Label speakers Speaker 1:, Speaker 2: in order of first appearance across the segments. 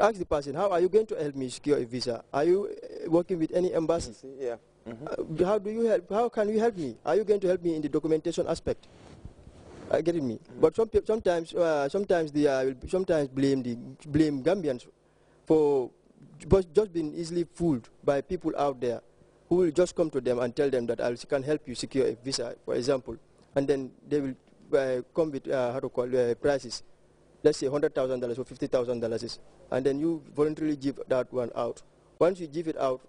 Speaker 1: ask the person, how are you going to help me secure a visa? Are you eh, working with any embassy? Yeah. Mm -hmm. how do you help? How can you help me? Are you going to help me in the documentation aspect? Uh, getting me? Mm -hmm. But some, sometimes, uh, sometimes they uh, sometimes blame the blame Gambians for just being easily fooled by people out there who will just come to them and tell them that I can help you secure a visa, for example, and then they will uh, come with uh, how to call uh, prices let's say $100,000 or $50,000, and then you voluntarily give that one out. Once you give it out,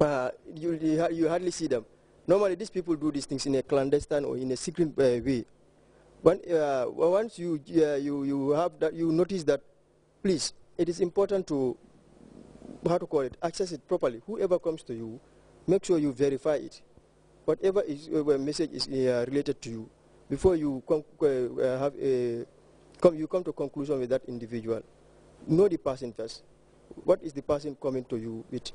Speaker 1: uh, you, you hardly see them. Normally, these people do these things in a clandestine or in a secret uh, way. When, uh, once you, uh, you, you, have that, you notice that, please, it is important to, how to call it, access it properly. Whoever comes to you, make sure you verify it. Whatever is, uh, message is uh, related to you, before you have a come, you come to conclusion with that individual. Know the person first. What is the person coming to you with?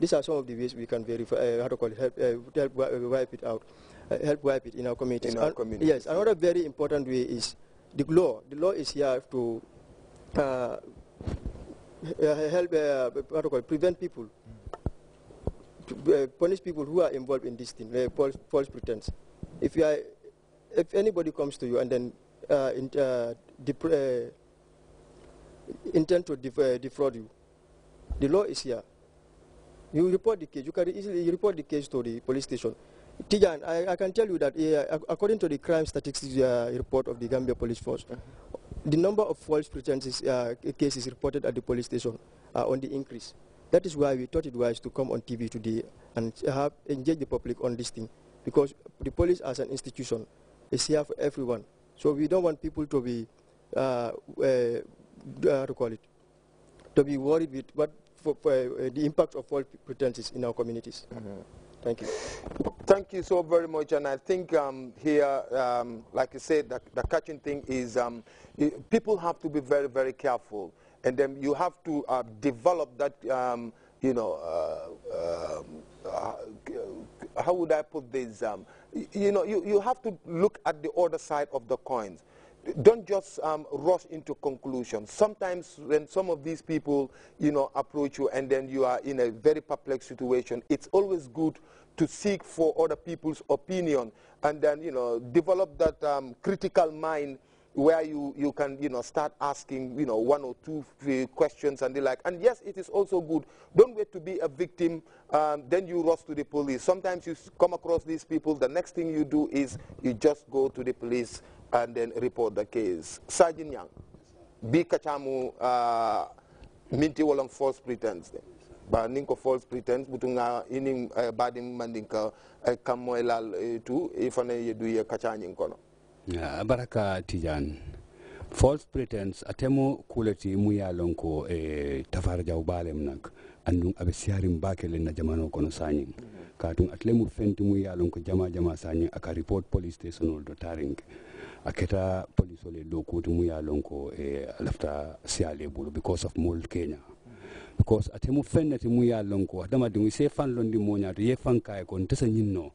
Speaker 1: These are some of the ways we can verify, uh, how to call it, help, uh, help uh, wipe it out, uh, help wipe it in our community. In our community. Yes, another very important way is the law. The law is here to uh, uh, help, how to call it, prevent people, to, punish people who are involved in this thing, false, false pretense. If you are, if anybody comes to you and then uh, uh, uh, intend to defraud you. The law is here. You report the case. You can easily report the case to the police station. Tijan, I, I can tell you that uh, according to the crime statistics uh, report of the Gambia Police Force, mm -hmm. the number of false pretenses uh, cases reported at the police station are on the increase. That is why we thought it wise to come on TV today and have, engage the public on this thing, because the police as an institution is here for everyone. So we don't want people to be, uh, uh, to call it, to be worried with what for, for, uh, the impact of false pretenses in our communities. Mm -hmm. Thank you. Thank you so very much. And I think
Speaker 2: um, here, um, like I said, the, the catching thing is um, people have to be very, very careful. And then you have to uh, develop that, um, you know, uh, um, uh how would I put this? Um, you know, you, you have to look at the other side of the coins. Don't just um, rush into conclusions. Sometimes when some of these people, you know, approach you and then you are in a very perplexed situation, it's always good to seek for other people's opinion and then, you know, develop that um, critical mind where you, you can, you know, start asking, you know, one or two eh, questions and the like. And yes, it is also good. Don't wait to be a victim, um, then you rush to the police. Sometimes you come across these people, the next thing you do is you just go to the police and then report the case. Sergeant Yang, bi kacamu uh, minti walang false pretense de. ba ning false pretense butu ining eh, badim mandinka eh, kam moy lal tu ifane yedu ye kacañing kono
Speaker 3: Ah, baraka tijan false pretense atemo kuleti mu ya lon ko e eh, tafara jaw balem nak andum abe siarim bakele na jamano kono sañi katum atle mu fenti mu ya lon ko jama jama sañi aka report police station do taring aketa police ole do kuti mu ya lon ko e eh, alafta siale bulu because of mold kenya because atemu fennati mu ya lon ko dama dum se fan londi moñato ye fan kay kon tesa nyinno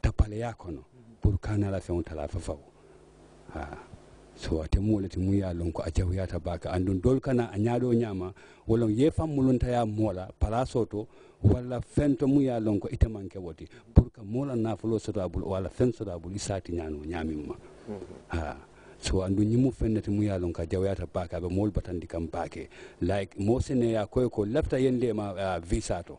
Speaker 3: tapale yakono pour kana la fe on tala fa fawo so te mo le timu ya lon ko ajaw baka andun dol kana a anyaado ñaama wolon ye fam mulunta ya mola to walla wala fento mu ya lon ko itemanke woti pour que mola na fulo soto abul wala fen soto abul isati nyano nyami ma mm mm-hmm. ha so andu nyimu fennati mu ya lon ka jaw ya ta baka be mol batandi kam baake like mo sene koye ko lafta yende ma uh, visa to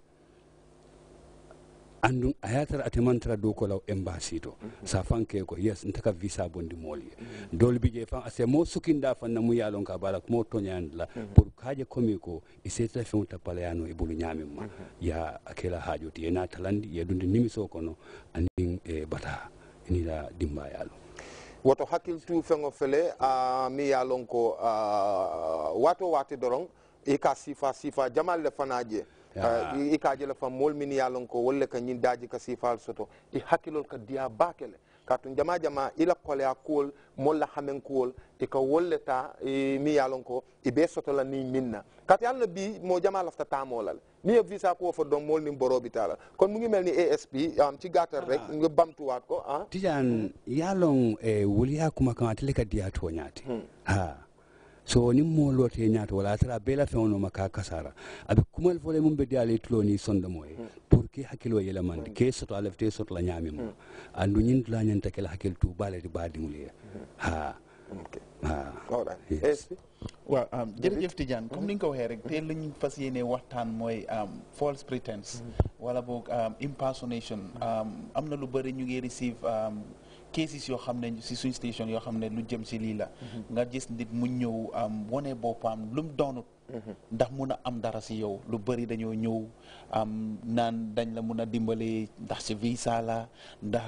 Speaker 3: andun a yatara ate mantara dow ko law embassy to sa fanke ko yes ntaka visa bondi moli dol bi je fan ase mo sukinda fa na mu yalon ka bala mo toñan la pour kaje komi ko e seta fe ta palayano e bulu nyame ma ya akela hajo ti na talandi ya dunde nimiso kono anin e bata ni la dimba yalo
Speaker 2: woto hakil tu feŋo fele a mi yalon ko wato wati dorong i ka sifa sifa jamal le fanaje Ah. Eh, i kaje la famol min ye lon ko wolle ka ñin daji ka sifal soto i hakkilol ka diya bakele katun jama jama ila koleya kuwol mol la hamen kuwol i ka wolle ta mi ye lon ko i be soto la ni min na kati alla bi mo jama lafta tamo la le ni ye visa kuwo fo don mol nin borobi ta la kon mu ngi mel ni asp um, ci gatal rek ah. nga bamtuwaat ko ah tijan
Speaker 3: ye lon eh, woliya kumakan atele ka diya toñaati hmm. ha ah. so ni moo te ñaata wala atara bee la feŋo noma kaa kasara a be kumal fo le muŋ be diyaale tuloo niŋ sondomo ye pour ke hakkiloo yelemandi ke soto a lafita soto la ñaamin ma andu ñin dula ñanta ke la hakkil tuubaa le ti baa diŋolu ye ha waaw jërëjëf
Speaker 4: Tidiane comme ni nga ko waxee rek te luñ fas yéene waxtaan mooy um, false pretense hmm. wala boog um, impersonation hmm. um, am na lu bëri ñu ngi receive cases yoo xam ne si suñ station yoo xam ne lu jëm si lii la nga gis nit mu ñëw am wane boppam lum mu doonut ndax mun a am dara si yow lu bëri dañoo ñëw am naan dañ la mun a dimbale ndax si visa la ndax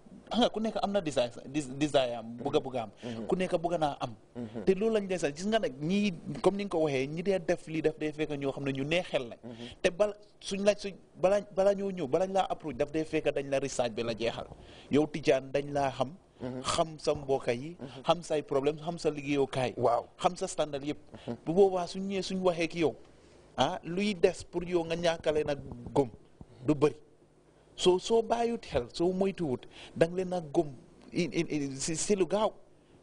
Speaker 4: xam nga ku nekk am na desire desire am bëgg a bëgg a am mhm. ku nekk bëgg naa am mhm. te loolu lañ dee sax gis nga nag ñii comme ni nga ko waxee ñi dee def lii daf dee fekk ñoo xam ne ñu nee xel lañ mhm. te bal suñ laaj suñ balaa balaa ñoo ñëw balañ laa approche daf dee fekk dañ la research bi la jeexal yow tijaan dañ laa xam xam sa mbokka yi xam say problème xam sa liggéeyukaay waaw xam sa standard yëpp bu boobaa suñ ñëwee suñ waxee ki yow ah luy des pour yow nga ñàkkale nag gom du bëri so soo bàyyiwut xel soo moytuwut da nga leen a gom si si lu gaaw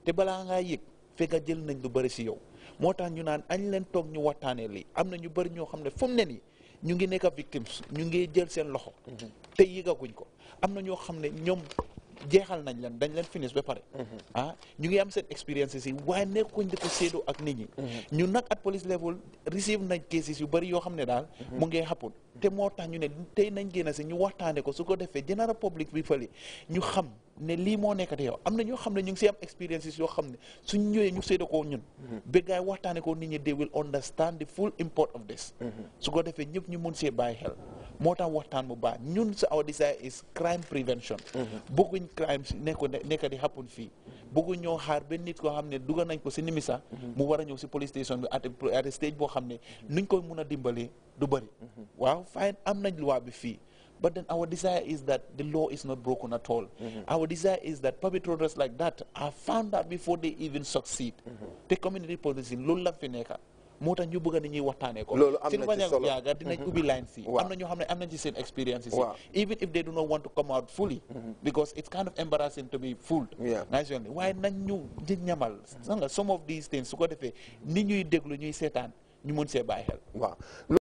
Speaker 4: te balaa ngaa yëg fekk nga jël nañ lu bari si yow moo tax ñu naan añ leen toog ñu waxtaanee lii am na ñu bari ñoo xam ne fu mu ne nii ñu ngi nekk victimes ñu ngi jël seen loxo. Mm-hmm. te yëgaguñ ko am na ñoo xam ne ñoom jeexal nañ leen dañ leen finish ba pare mm-hmm. ah, ñu ngi am seen expériences yi waaye nekkuñ di ko séedoo ak nit ñi mm-hmm. ñu nag at police level receive nag cases yu bëri yoo xam ne daal mm-hmm. mu ngee xappul te moo tax ñu ne tey nañ génn si ñu waxtaane ko su ko defee général public bi fële ñu xam ne lii moo nekk yow am na ñoo xam ne ñu ngi si am expériences yoo xam ne suñ ñëwee ñu séedoo ko ñun bëggaay gaay waxtaane ko nit ñi they will understand the full import of this su ko defee ñëpp ñu mun see bàyyi xel moo tax waxtaan mu baax ñun sa our desire is crime prevention mm-hmm. bëgguñ crimes nekk nekk di happen fii bëgguñ ñoo xaar benn nit koo xam ne dugal nañ ko si nimisa mm-hmm. mu war a ñëw si police station bi at stage boo xam ne mm-hmm. nuñ koy mun a dimbalee du bëri waaw fine am nañ loi bi fii But then our desire is that the law is not broken at all. Mm -hmm. Our desire is that perpetrators like that are found out before they even succeed. Mm -hmm. The community policing, lulla fineka moo ñu bëgg a ñuy waxtaanee ko loolu am na yaaga dinañ ubbi mm-hmm. line si am na ñoo am ci seen experiences even if they do not want to come out fully mm-hmm. because it's kind of embarrassing to be fooled nice Why? Mm-hmm. nañ ñu ñamal some of these things su ko defee nit ñuy déglu ñuy seetaan ñu mën see bàyyi xel